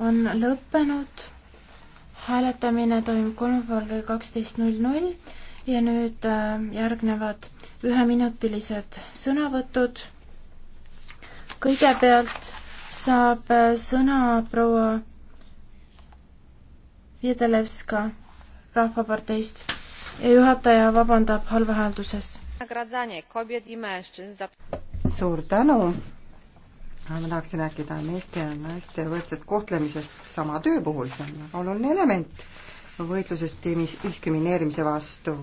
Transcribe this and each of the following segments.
on lõppenud. hääletamine toimub kolmapäeval kell kaksteist null null ja nüüd äh, järgnevad üheminutilised sõnavõtud. kõigepealt saab äh, sõna proua Vjedelevska Rahvaparteist ja juhataja vabandab halva hääldusest. suur tänu ma tahaksin rääkida meeste ja naiste võrdsest kohtlemisest sama töö puhul, see on väga oluline element võitluses diskrimineerimise vastu.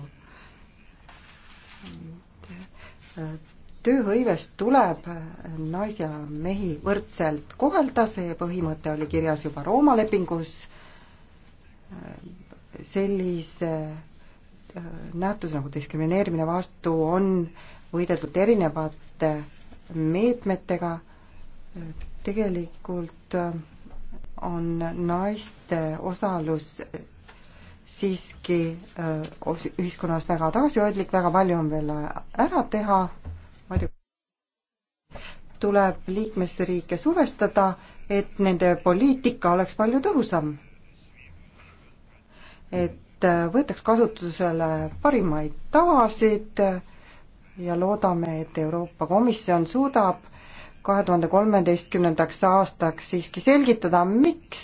tööhõives tuleb naisi ja mehi võrdselt kohelda, see põhimõte oli kirjas juba Rooma lepingus, sellise nähtuse nagu diskrimineerimine vastu on võideldud erinevate meetmetega tegelikult äh, on naiste osalus siiski äh, ühiskonnas väga tagasihoidlik, väga palju on veel äh, ära teha, muidugi tuleb liikmesriike survestada, et nende poliitika oleks palju tõhusam. et võetaks kasutusele parimaid tavasid ja loodame, et Euroopa Komisjon suudab kahe tuhande kolmeteistkümnendaks aastaks siiski selgitada, miks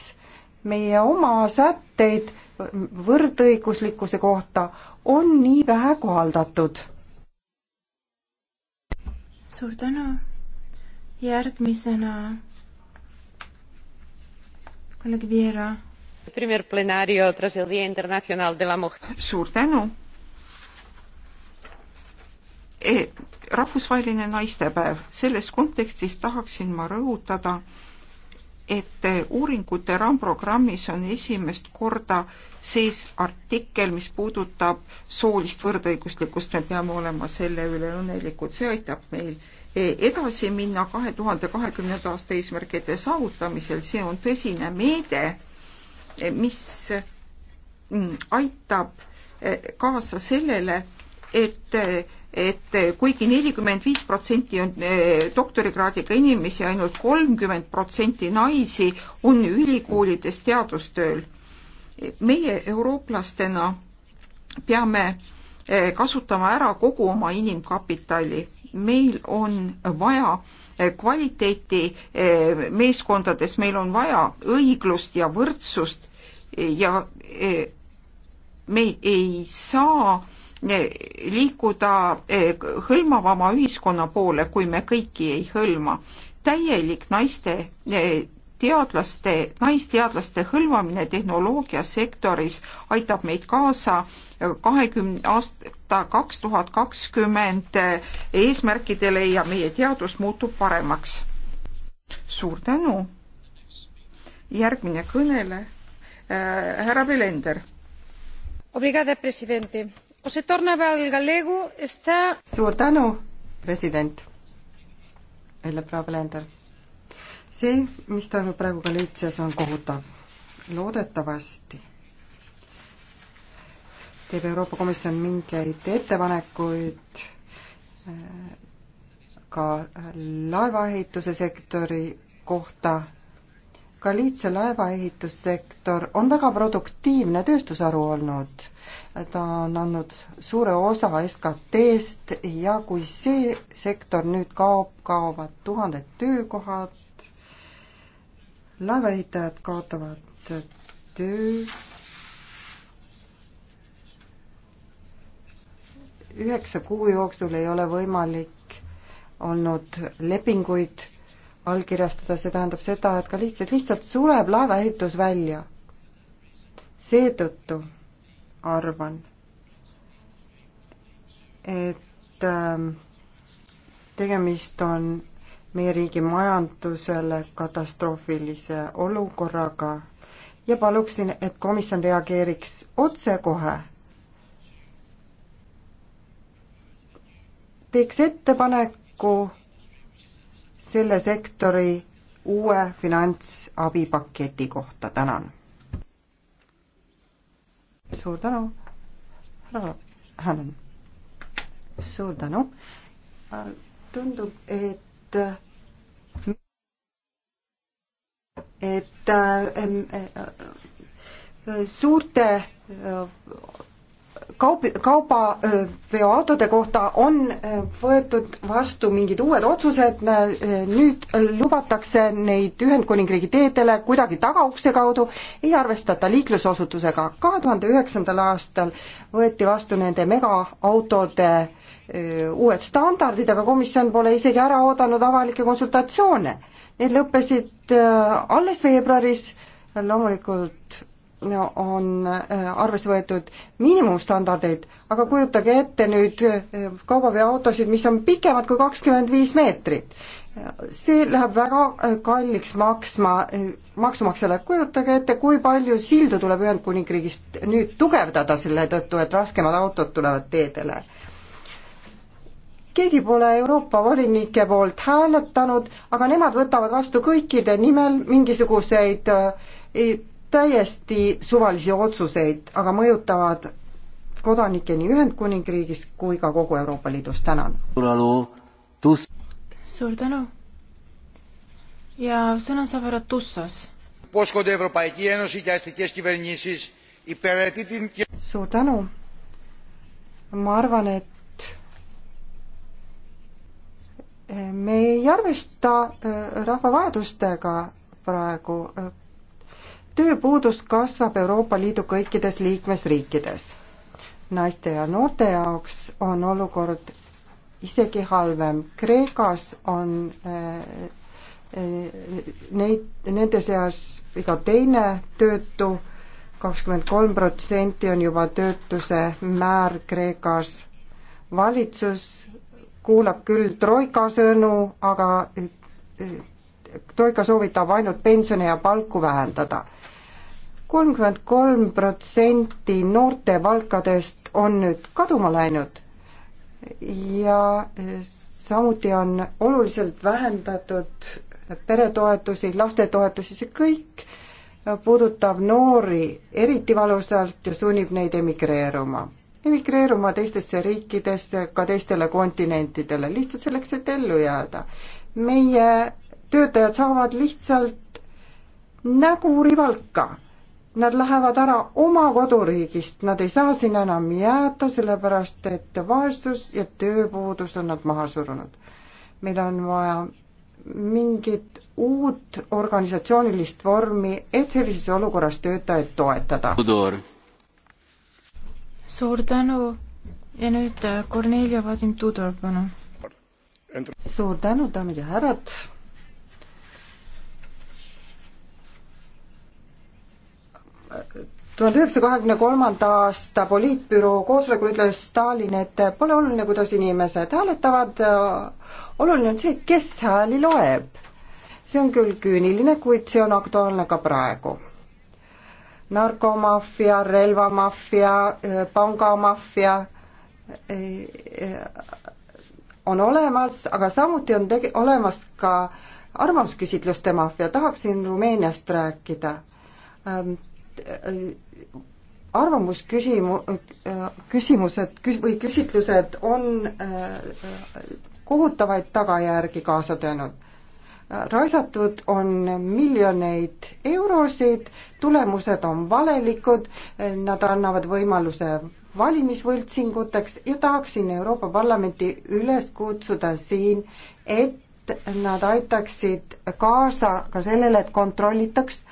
meie oma sätteid võrdõiguslikkuse kohta on nii vähe kohaldatud. suur tänu. järgmisena kolleeg Viera. suur tänu E, rahvusvaheline naistepäev, selles kontekstis tahaksin ma rõhutada, et uuringute raamprogrammis on esimest korda sees artikkel, mis puudutab soolist võrdõiguslikkust, me peame olema selle üle õnnelikud, see aitab meil edasi minna kahe tuhande kahekümnenda aasta eesmärkide saavutamisel, see on tõsine meede, mis mm, aitab eh, kaasa sellele, et eh, et eh, kuigi nelikümmend viis protsenti on eh, doktorikraadiga inimesi, ainult kolmkümmend protsenti naisi on ülikoolides teadustööl. meie eurooplastena peame eh, kasutama ära kogu oma inimkapitali. meil on vaja kvaliteeti meeskondades, meil on vaja õiglust ja võrdsust ja me ei saa Eh, liikuda eh, hõlmavama ühiskonna poole, kui me kõiki ei hõlma. täielik naiste eh, teadlaste, naisteadlaste hõlmamine tehnoloogiasektoris aitab meid kaasa kahekümne aasta kaks tuhat kakskümmend eesmärkidele ja meie teadus muutub paremaks. suur tänu. järgmine kõnele äh,, härra Belender. Obrigada, presidenti suur tänu, president, ütleb proua Blender. see, mis toimub praegu Galiitsias, on kohutav. loodetavasti teeb Euroopa Komisjon mingeid ettepanekuid äh, ka laevaehituse sektori kohta. Galiitsia laevaehitussektor on väga produktiivne tööstusharu olnud ta on andnud suure osa SKT-st ja kui see sektor nüüd kaob, kaovad tuhanded töökohad, laevaehitajad kaotavad töö, üheksa kuu jooksul ei ole võimalik olnud lepinguid allkirjastada, see tähendab seda, et ka lihtsalt, lihtsalt sureb laevaehitus välja. seetõttu arvan, et ähm, tegemist on meie riigi majandusele katastroofilise olukorraga ja paluksin, et komisjon reageeriks otsekohe. teeks ettepaneku selle sektori uue finantsabipaketi kohta, tänan suur tänu, härra Hännan. suur tänu. tundub, et et äh, äh, suurte äh, kaup, kaubaveoautode kohta on äh, võetud vastu mingid uued otsused, äh, nüüd lubatakse neid Ühendkuningriigi teedele kuidagi tagaukse kaudu, ei arvestata liiklusosutusega. kahe tuhande üheksandal aastal võeti vastu nende megaautode äh, uued standardid, aga komisjon pole isegi ära oodanud avalikke konsultatsioone. Need lõppesid alles veebruaris, loomulikult on äh, arvesse võetud miinimumstandardeid, aga kujutage ette nüüd äh, kaubaveoautosid, mis on pikemad kui kakskümmend viis meetrit. see läheb väga äh, kalliks maksma maksumaksjale, kujutage ette, kui palju sildu tuleb Ühendkuningriigist nüüd tugevdada selle tõttu, et raskemad autod tulevad teedele. keegi pole Euroopa volinike poolt hääletanud, aga nemad võtavad vastu kõikide nimel mingisuguseid ei, täiesti suvalisi otsuseid, aga mõjutavad kodanikke nii Ühendkuningriigis kui ka kogu Euroopa Liidus, tänan. suur tänu. ja sõna saab härra Tussas. suur tänu. ma arvan, et eh, me ei arvesta eh, rahva vajadustega praegu eh, tööpuudus kasvab Euroopa Liidu kõikides liikmesriikides. naiste ja noorte jaoks on olukord isegi halvem. Kreekas on eh, eh, neid, nende seas iga teine töötu, kakskümmend kolm protsenti on juba töötuse määr Kreekas. valitsus kuulab küll troika sõnu, aga eh, troika soovitab ainult pensione ja palku vähendada. kolmkümmend kolm protsenti noorte palkadest on nüüd kaduma läinud ja samuti on oluliselt vähendatud peretoetusi, lastetoetusi, see kõik puudutab noori eriti valusalt ja sunnib neid emigreeruma. emigreeruma teistesse riikidesse, ka teistele kontinentidele, lihtsalt selleks, et ellu jääda. meie töötajad saavad lihtsalt nägu rivalka. Nad lähevad ära oma koduriigist, nad ei saa sinna enam jääda, sellepärast et vaesus ja tööpuudus on nad maha surunud. meil on vaja mingit uut organisatsioonilist vormi, et sellises olukorras töötajaid toetada. suur tänu ja nüüd Kornelia äh, Vadim Tudor, palun. suur tänu, daamid ja härrad tuhande üheksasaja kahekümne kolmanda aasta poliitbüroo koosolekul ütles Stalin, et pole oluline, kuidas inimesed hääletavad, oluline on see, kes hääli loeb. see on küll küüniline, kuid see on aktuaalne ka praegu. narkomaffia, relvamaffia, pangamaffia eh, on olemas, aga samuti on tege-, olemas ka arvamusküsitluste maffia, tahaksin Rumeeniast rääkida ehm, arvamusküsimu-, äh, küsimused küs- või küsitlused on äh, kohutavaid tagajärgi kaasa toonud. raisatud on miljoneid eurosid, tulemused on valelikud, nad annavad võimaluse valimisvõltsinguteks ja tahaksin Euroopa Parlamenti üles kutsuda siin, et nad aitaksid kaasa ka sellele, et kontrollitaks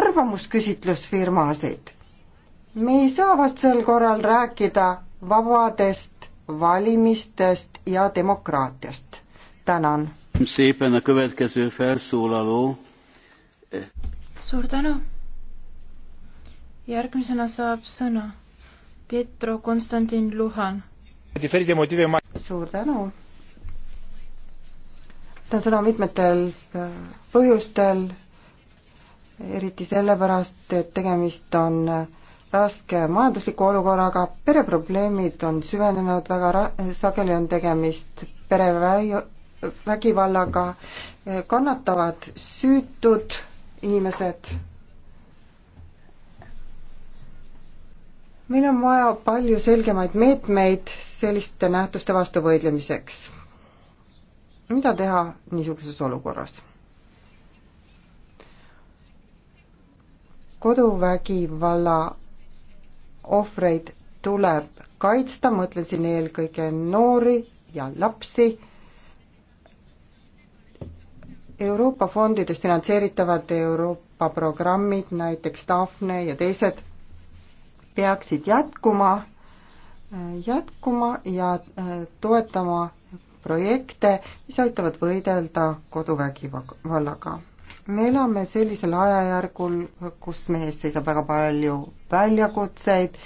arvamusküsitlusfirmasid me ei saa vastasel korral rääkida vabadest valimistest ja demokraatiast. tänan. suur tänu. järgmisena saab sõna Pietro Konstantin Luhan. suur tänu. võtan sõna mitmetel äh, põhjustel, eriti sellepärast, et tegemist on äh, raske majandusliku olukorraga, pereprobleemid on süvenenud väga ra-, sageli on tegemist pereväi-, vägivallaga, kannatavad süütud inimesed. meil on vaja palju selgemaid meetmeid selliste nähtuste vastu võidlemiseks. mida teha niisuguses olukorras? koduvägivalla ohvreid tuleb kaitsta, mõtlesin eelkõige noori ja lapsi. Euroopa fondidest finantseeritavad Euroopa programmid, näiteks Daphne ja teised, peaksid jätkuma, jätkuma ja äh, toetama projekte, mis aitavad võidelda koduvägivallaga me elame sellisel ajajärgul, kus meie ees seisab väga palju väljakutseid,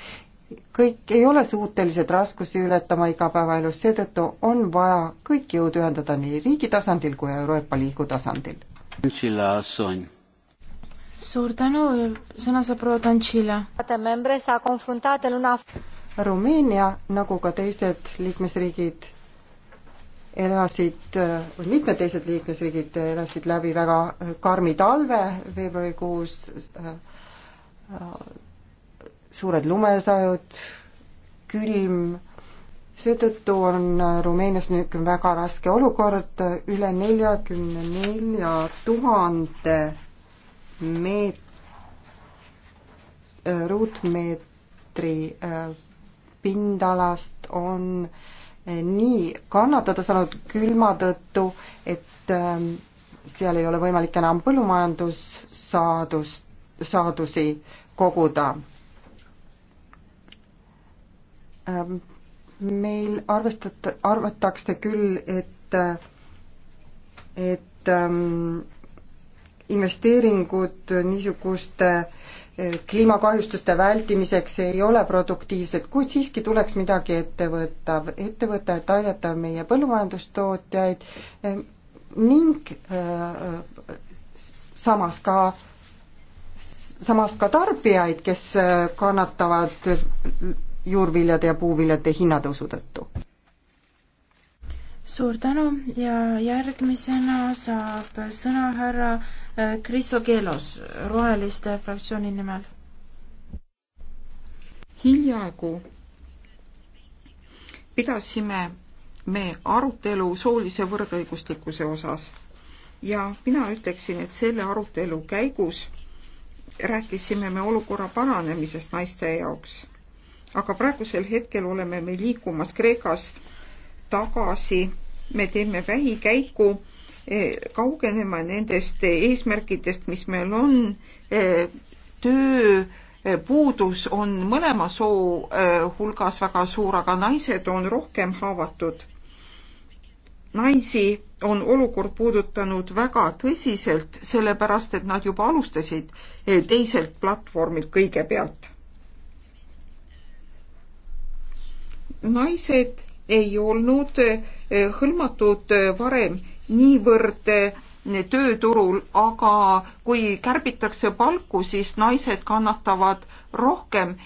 kõik ei ole suutelised raskusi ületama igapäevaelus, seetõttu on vaja kõik jõud ühendada nii riigi tasandil kui Euroopa Liidu tasandil. suur tänu, sõna saab proua Tantšile. Rumeenia, nagu ka teised liikmesriigid, elasid, mitmed teised liikmesriigid elasid läbi väga karmi talve veebruarikuus, suured lumesajud, külm, seetõttu on Rumeenias nüüd väga raske olukord, üle neljakümne nelja tuhande meet-, ruutmeetri äh, pindalast on äh, nii kannatada saanud külma tõttu, et ähm, seal ei ole võimalik enam põllumajandussaadust, saadusi koguda. Ähm, meil arvestat-, arvatakse küll, et, äh, et ähm, investeeringud niisuguste äh, kliimakahjustuste vältimiseks ei ole produktiivsed, kuid siiski tuleks midagi ette võtta, ette võtta, et aidata meie põllumajandustootjaid eh, ning eh, samas ka, samas ka tarbijaid, kes eh, kannatavad juurviljade ja puuviljade hinnatõusu tõttu. suur tänu ja järgmisena saab sõna härra Kristo Keelos Roheliste fraktsiooni nimel. hiljaaegu pidasime me arutelu soolise võrdõiguslikkuse osas ja mina ütleksin, et selle arutelu käigus rääkisime me olukorra paranemisest naiste jaoks. aga praegusel hetkel oleme me liikumas Kreekas tagasi, me teeme vähikäiku Eh, kaugenema nendest eesmärkidest, mis meil on. Eh, tööpuudus eh, on mõlema soo hulgas väga suur, aga naised on rohkem haavatud. naisi on olukord puudutanud väga tõsiselt, sellepärast et nad juba alustasid teiselt platvormilt kõigepealt. naised ei olnud hõlmatud varem niivõrd eh, tööturul, aga kui kärbitakse palku, siis naised kannatavad rohkem.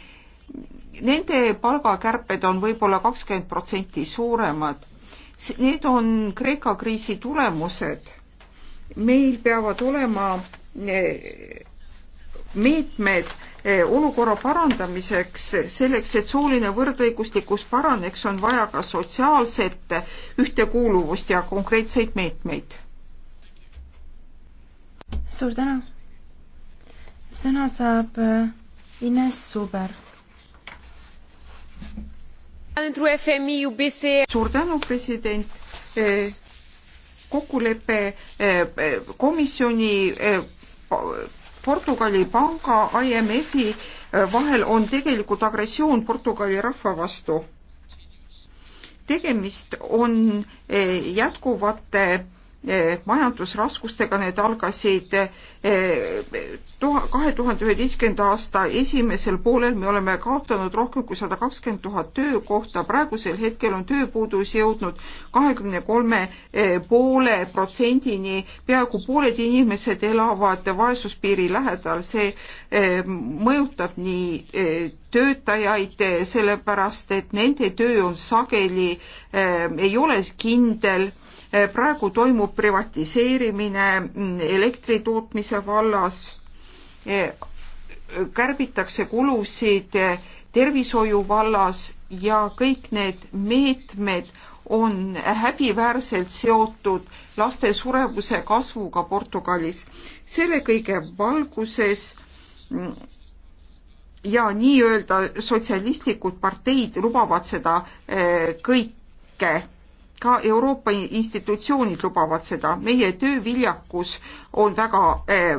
Nende palgakärped on võib-olla kakskümmend protsenti suuremad. Need on Kreeka kriisi tulemused. meil peavad olema eh, meetmed Eh, olukorra parandamiseks, selleks, et sooline võrdõiguslikkus paraneks, on vaja ka sotsiaalset ühtekuuluvust ja konkreetseid meetmeid. suur tänu. sõna saab eh, Ines Suber. E. suur tänu, president eh, kokkulepe komisjoni Portugali panga IMF-i äh, vahel on tegelikult agressioon Portugali rahva vastu. tegemist on äh, jätkuvate Eh, majandusraskustega, need algasid eh, kahe tuhande üheteistkümnenda aasta esimesel poolel, me oleme kaotanud rohkem kui sada kakskümmend tuhat töökohta, praegusel hetkel on tööpuudus jõudnud kahekümne kolme eh, poole protsendini, peaaegu pooled inimesed elavad vaesuspiiri lähedal, see mõjutab nii töötajaid, sellepärast et nende töö on sageli, ei ole kindel Eh, praegu toimub privatiseerimine mm, elektri tootmise vallas, eh, kärbitakse kulusid eh, tervishoiu vallas ja kõik need meetmed on häbiväärselt seotud laste surevuse kasvuga Portugalis. selle kõige valguses mm, ja nii-öelda sotsialistlikud parteid lubavad seda kõike ka Euroopa institutsioonid lubavad seda. meie tööviljakus on väga eh,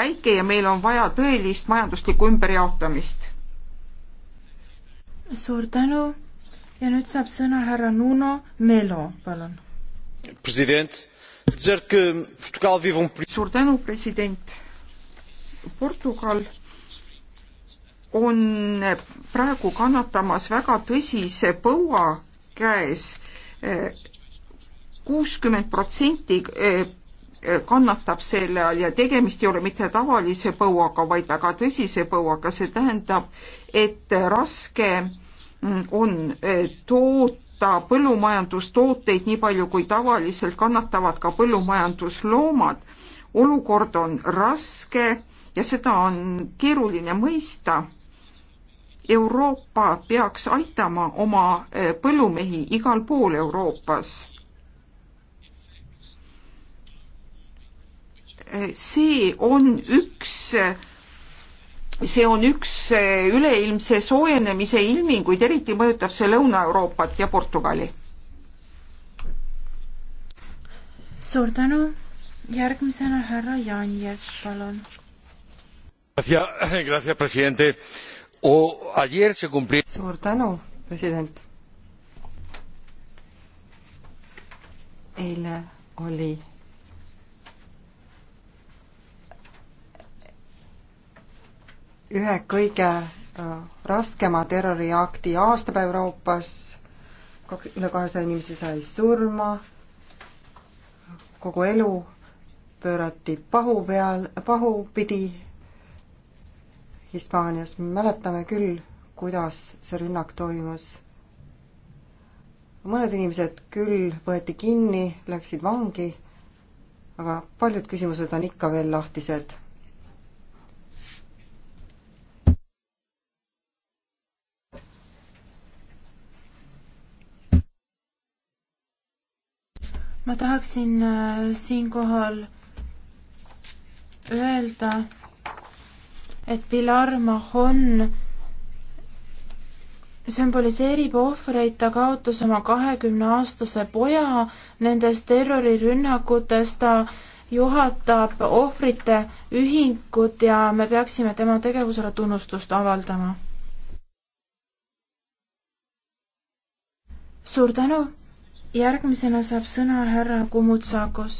väike ja meil on vaja tõelist majanduslikku ümberjaotamist. suur tänu ja nüüd saab sõna härra Nuno Melo, palun. president, suur tänu, president. Portugal on praegu kannatamas väga tõsise põua käes kuuskümmend protsenti eh, eh, kannatab selle all ja tegemist ei ole mitte tavalise põuaga, vaid väga tõsise põuaga, see tähendab, et raske mm, on eh, toota põllumajandustooteid nii palju kui tavaliselt kannatavad ka põllumajandusloomad. olukord on raske ja seda on keeruline mõista Euroopa peaks aitama oma eh, põllumehi igal pool Euroopas. Eh, see on üks eh, see on üks üleilmse soojenemise ilminguid, eriti mõjutab see Lõuna-Euroopat ja Portugali. suur tänu, järgmisena härra Janjev, palun. Gracias, gracias, presidente suur tänu, president. eile oli ühe kõige äh, raskema terroriakti aastapäev Euroopas, üle kahesaja inimese sai surma, kogu elu pöörati pahu peal, pahupidi Hispaanias, me mäletame küll, kuidas see rünnak toimus. mõned inimesed küll võeti kinni, läksid vangi, aga paljud küsimused on ikka veel lahtised. ma tahaksin äh, siinkohal öelda, et Pilar Mahon sümboliseerib ohvreid, ta kaotas oma kahekümneaastase poja nendest terrorirünnakutest, ta juhatab ohvrite ühingut ja me peaksime tema tegevusele tunnustust avaldama. suur tänu, järgmisena saab sõna härra Kumutsakos.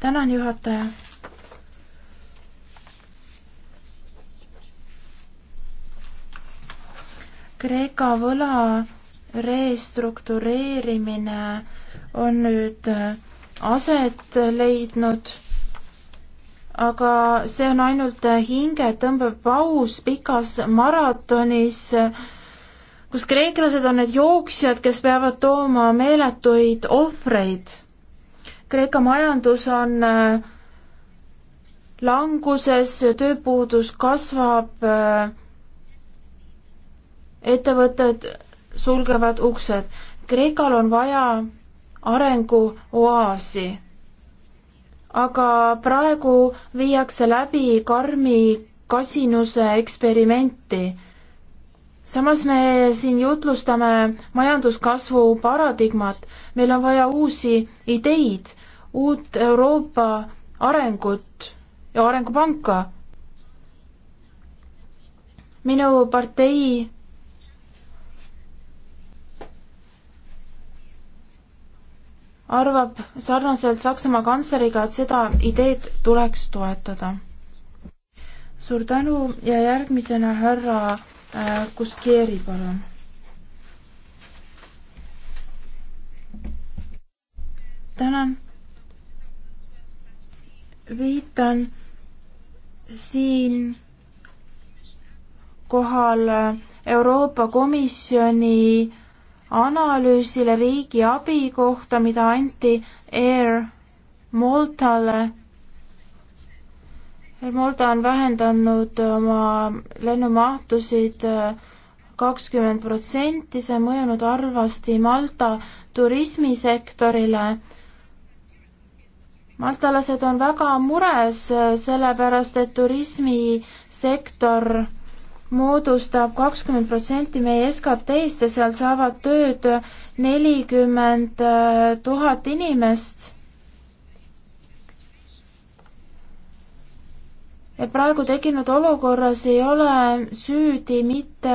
tänan, juhataja Kreeka võla restruktureerimine on nüüd äh, aset leidnud, aga see on ainult äh, hingetõmbev paus pikas maratonis, kus kreeklased on need jooksjad, kes peavad tooma meeletuid ohvreid. Kreeka majandus on äh, languses, tööpuudus kasvab ettevõtted sulgevad uksed. Kreekal on vaja arenguoaasi, aga praegu viiakse läbi karmi kasinuse eksperimenti. samas me siin jutlustame majanduskasvu paradigmat, meil on vaja uusi ideid, uut Euroopa arengut ja arengupanka. minu partei arvab sarnaselt Saksamaa kantsleriga, et seda ideed tuleks toetada. suur tänu ja järgmisena härra äh, Kuskeeri, palun. tänan. viitan siin kohal Euroopa Komisjoni analüüsile riigi abi kohta, mida anti Air Maltale. Air Malta on vähendanud oma lennumahtusid äh, kakskümmend protsenti, see on mõjunud halvasti Malta turismisektorile maltalased on väga mures, äh, sellepärast et turismisektor moodustab kakskümmend protsenti meie SKT-st ja seal saavad tööd nelikümmend äh, tuhat inimest. ja praegu tekkinud olukorras ei ole süüdi mitte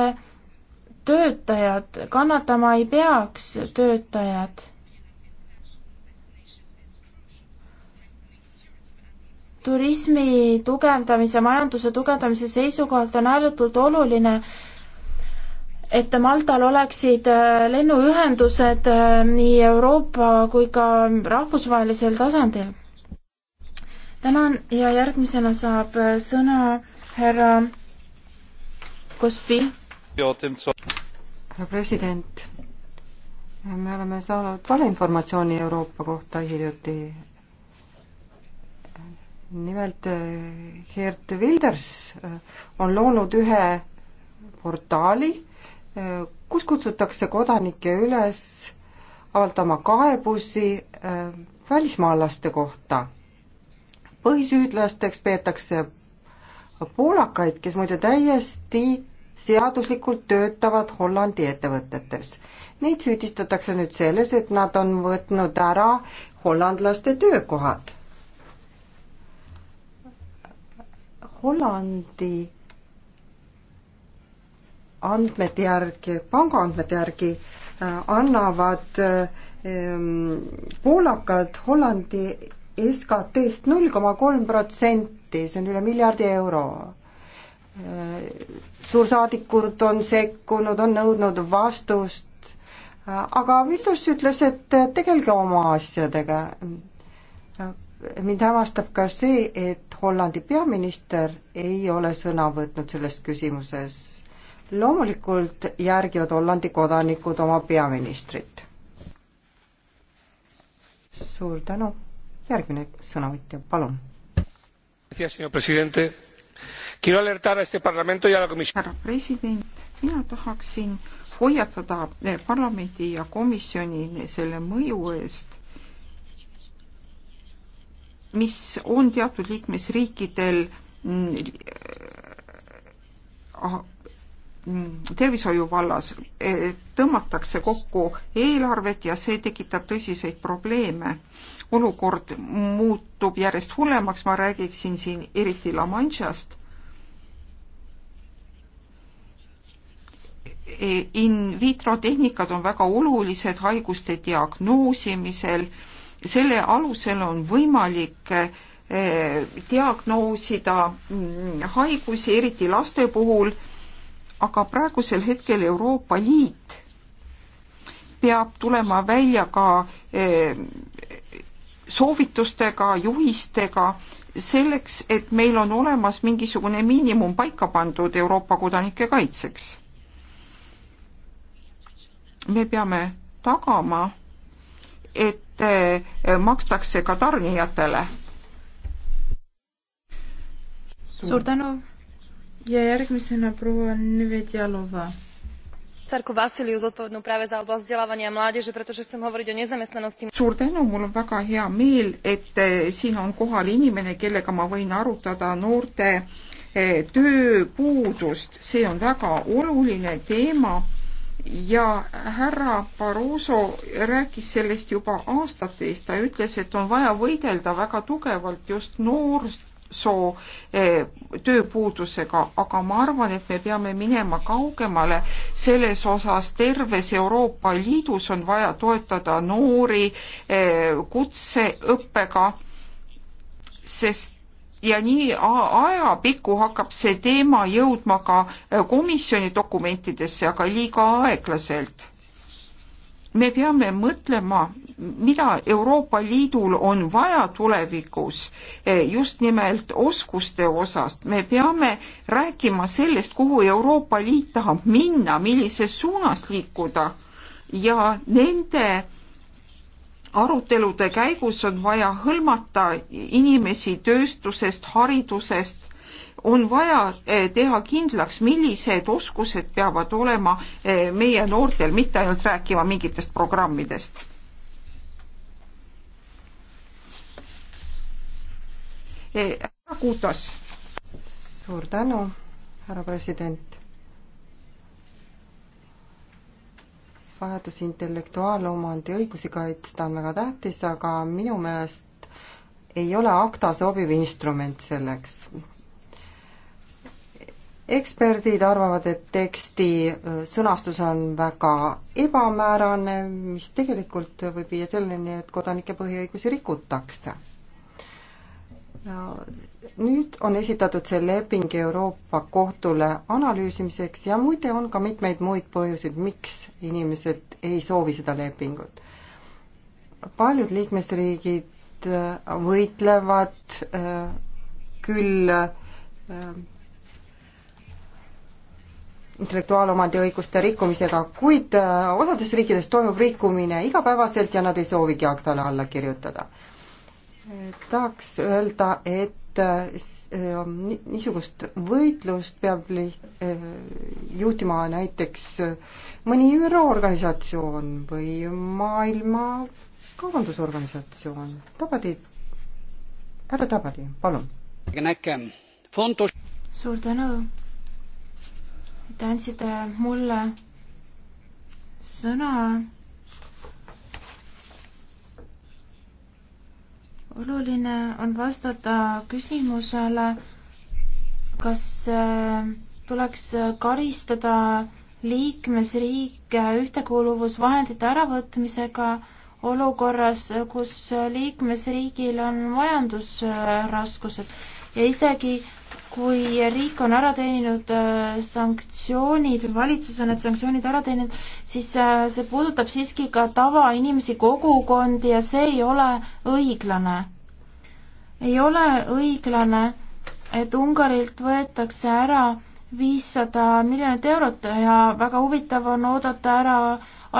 töötajad, kannatama ei peaks töötajad turismi tugevdamise, majanduse tugevdamise seisukohalt on ääretult oluline, et Maltal oleksid äh, lennuühendused äh, nii Euroopa kui ka rahvusvahelisel tasandil. tänan ja järgmisena saab äh, sõna härra Kospi. härra president, me oleme saanud valeinformatsiooni Euroopa kohta hiljuti nimelt äh, Geert Wilders äh, on loonud ühe portaali, äh, kus kutsutakse kodanikke üles avaldama kaebusi välismaalaste kohta. põhisüüdlasteks peetakse poolakaid, kes muide täiesti seaduslikult töötavad Hollandi ettevõtetes. Neid süüdistatakse nüüd selles, et nad on võtnud ära hollandlaste töökohad Hollandi andmete järgi, pangaandmete järgi äh, annavad äh, ähm, poolakad Hollandi SKT-st null koma kolm protsenti, see on üle miljardi euro. Äh, suursaadikud on sekkunud, on nõudnud vastust, aga Vildus ütles, et tegelge oma asjadega mind hämmastab ka see, et Hollandi peaminister ei ole sõna võtnud selles küsimuses. loomulikult järgivad Hollandi kodanikud oma peaministrit. suur tänu, järgmine sõnavõtja, palun. härra president, mina tahaksin hoiatada eh, parlamendi ja komisjoni selle mõju eest mis on teatud liikmesriikidel mm, ah, tervishoiu vallas e, tõmmatakse kokku eelarvet ja see tekitab tõsiseid probleeme. olukord muutub järjest hullemaks, ma räägiksin siin eriti La Manchast. E, in vitro tehnikad on väga olulised haiguste diagnoosimisel selle alusel on võimalik eh, diagnoosida mm, haigusi, eriti laste puhul, aga praegusel hetkel Euroopa Liit peab tulema välja ka eh, soovitustega, juhistega selleks, et meil on olemas mingisugune miinimum paika pandud Euroopa kodanike kaitseks. me peame tagama, et Eh, makstakse ka tarnijatele. suur tänu ja järgmisena proua Nevedjalova. Sarku Vassiliu zodpovednú práve za oblasť vzdelávania mládeže, pretože chcem hovoriť o nezamestnanosti. Suur tänu, mul on väga hea meel, et eh, siin on kohal inimene, kellega ma võin arutada noorte eh, tööpuudust. see on väga oluline teema ja härra Barroso rääkis sellest juba aastate eest, ta ütles, et on vaja võidelda väga tugevalt just noorsoo eh, tööpuudusega, aga ma arvan, et me peame minema kaugemale selles osas, terves Euroopa Liidus on vaja toetada noori eh, kutseõppega, sest ja nii ajapikku hakkab see teema jõudma ka äh, komisjoni dokumentidesse, aga liiga aeglaselt. me peame mõtlema, mida Euroopa Liidul on vaja tulevikus äh, just nimelt oskuste osast. me peame rääkima sellest, kuhu Euroopa Liit tahab minna, millises suunas liikuda ja nende arutelude käigus on vaja hõlmata inimesi tööstusest, haridusest, on vaja eh, teha kindlaks, millised oskused peavad olema eh, meie noortel, mitte ainult rääkima mingitest programmidest. Eh, härra Kutas. suur tänu, härra president vajadus intellektuaalomandi õigusi kaitsta on väga tähtis, aga minu meelest ei ole akta sobiv instrument selleks. eksperdid arvavad, et teksti sõnastus on väga ebamäärane, mis tegelikult võib viia selleni, et kodanike põhiõigusi rikutakse nüüd on esitatud see leping Euroopa Kohtule analüüsimiseks ja muide on ka mitmeid muid põhjuseid, miks inimesed ei soovi seda lepingut. paljud liikmesriigid äh, võitlevad äh, küll äh, intellektuaalomandi õiguste rikkumisega, kuid osades riikides toimub rikkumine igapäevaselt ja nad ei soovigi aktale alla kirjutada tahaks öelda, et äh, äh, niisugust võitlust peab äh, juhtima näiteks mõni ÜRO organisatsioon või Maailma Kaubandusorganisatsioon. Tabadi, härra Tabadi, palun. suur tänu, et andsite mulle sõna oluline on vastata küsimusele, kas äh, tuleks karistada liikmesriike ühtekuuluvusvahendite äravõtmisega olukorras, kus liikmesriigil on majandusraskused ja isegi kui riik on ära teeninud äh, sanktsioonid või valitsus on need sanktsioonid ära teeninud, siis äh, see puudutab siiski ka tavainimesi, kogukondi ja see ei ole õiglane. ei ole õiglane, et Ungarilt võetakse ära viissada miljonit eurot ja väga huvitav on oodata ära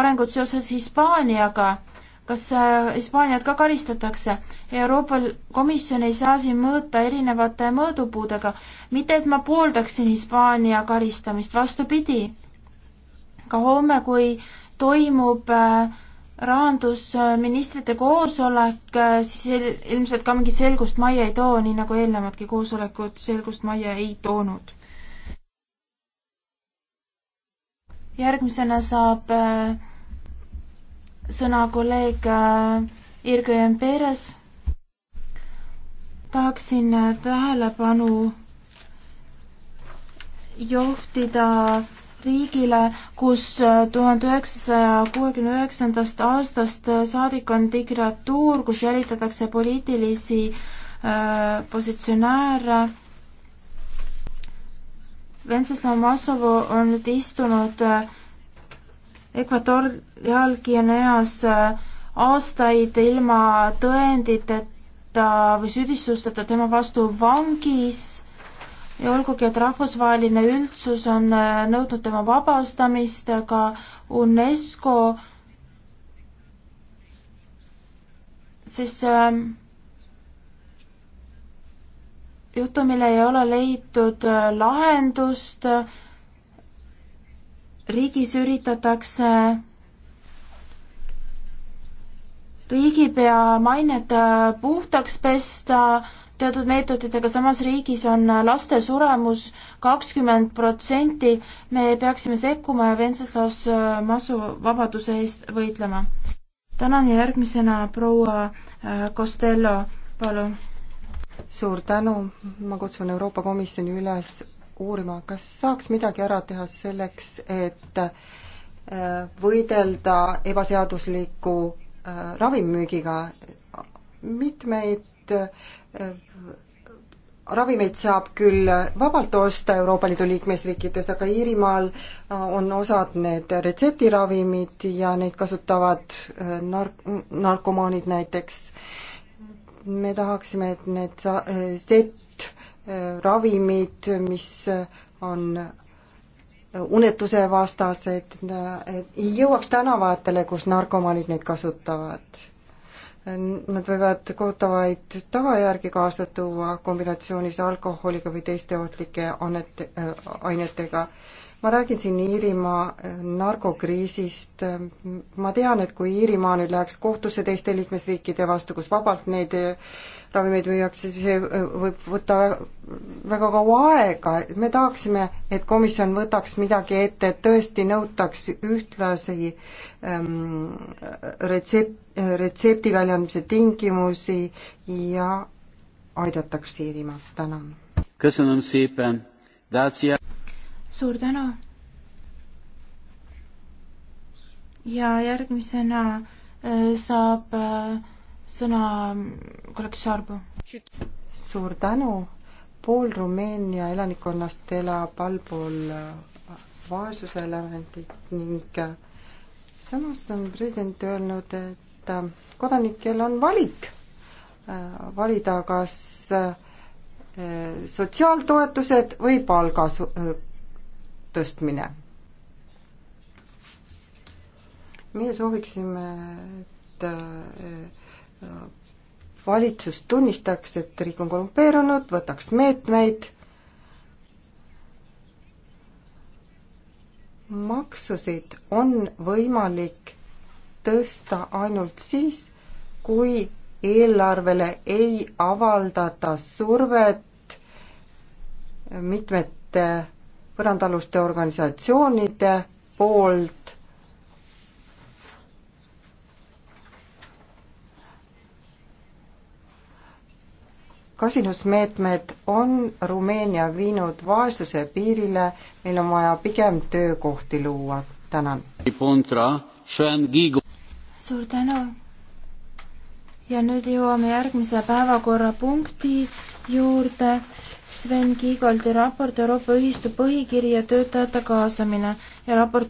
arengud seoses Hispaaniaga kas äh, Hispaaniat ka karistatakse. Euroopa Komisjon ei saa siin mõõta erinevate mõõdupuudega. mitte, et ma pooldaksin Hispaania karistamist, vastupidi. ka homme, kui toimub äh, rahandusministrite koosolek, äh, siis ilmselt ka mingit selgust majja ei too, nii nagu eelnevadki koosolekud selgust majja ei toonud. järgmisena saab äh, sõna kolleeg äh, Irgõen Peeres. tahaksin äh, tähelepanu juhtida riigile, kus äh, tuhande üheksasaja kuuekümne üheksandast aastast saadik on diktatuur, kus jälitatakse poliitilisi äh, positsionääre. Ventseslau Massovo on nüüd istunud Ekvator Jalgineas äh, aastaid ilma tõenditeta või süüdistusteta tema vastu vangis ja olgugi, et rahvusvaheline üldsus on äh, nõudnud tema vabastamist, aga UNESCO siis äh, juhtumile ei ole leitud äh, lahendust äh, riigis üritatakse riigipea mainet äh, puhtaks pesta teatud meetoditega, samas riigis on äh, laste suremus kakskümmend protsenti. me peaksime sekkuma ja Venceslaus äh, Masu vabaduse eest võitlema. tänan ja järgmisena proua Costello, palun. suur tänu, ma kutsun Euroopa Komisjoni üles uurima, kas saaks midagi ära teha selleks, et äh, võidelda ebaseadusliku äh, ravimüügiga. mitmeid äh, ravimeid saab küll vabalt osta Euroopa Liidu liikmesriikides, aga Iirimaal on osad need retseptiravimid ja neid kasutavad nark-, narkomaanid näiteks. me tahaksime, et need sa-, set-, ravimid, mis on unetuse vastased, ei jõuaks tänavatele, kus narkomaanid neid kasutavad. Nad võivad kohutavaid tagajärgi kaasa tuua kombinatsioonis alkoholiga või teiste ohtlike annete, äh, ainetega ma räägin siin Iirimaa äh, narkokriisist, ma tean, et kui Iirimaa nüüd läheks kohtusse teiste liikmesriikide vastu, kus vabalt neid äh, ravimeid müüakse, see äh, võib võtta väga kaua aega, me tahaksime, et komisjon võtaks midagi ette, et tõesti nõutaks ühtlasi ähm, retsept, retsepti väljaandmise tingimusi ja aidataks Iirimaad, tänan. köszönöm szépen, Dacia suur tänu. ja järgmisena äh, saab äh, sõna kolleeg Saarbu. suur tänu. pool Rumeenia elanikkonnast elab allpool äh, vaesuselävendit ning samas on president öelnud, et kodanikel on valik valida, kas sotsiaaltoetused või palgas, tõstmine. meie sooviksime, et äh, valitsus tunnistaks, et riik on korrumpeerunud, võtaks meetmeid, maksusid on võimalik tõsta ainult siis, kui eelarvele ei avaldata survet mitmete põrandaaluste organisatsioonide poolt kasinusmeetmed on Rumeenia viinud vaesuse piirile, meil on vaja pigem töökohti luua, tänan. suur tänu ja nüüd jõuame järgmise päevakorrapunkti juurde. Sven Kiigoldi raport Euroopa Ühistu põhikiri ja töötajate kaasamine ja raport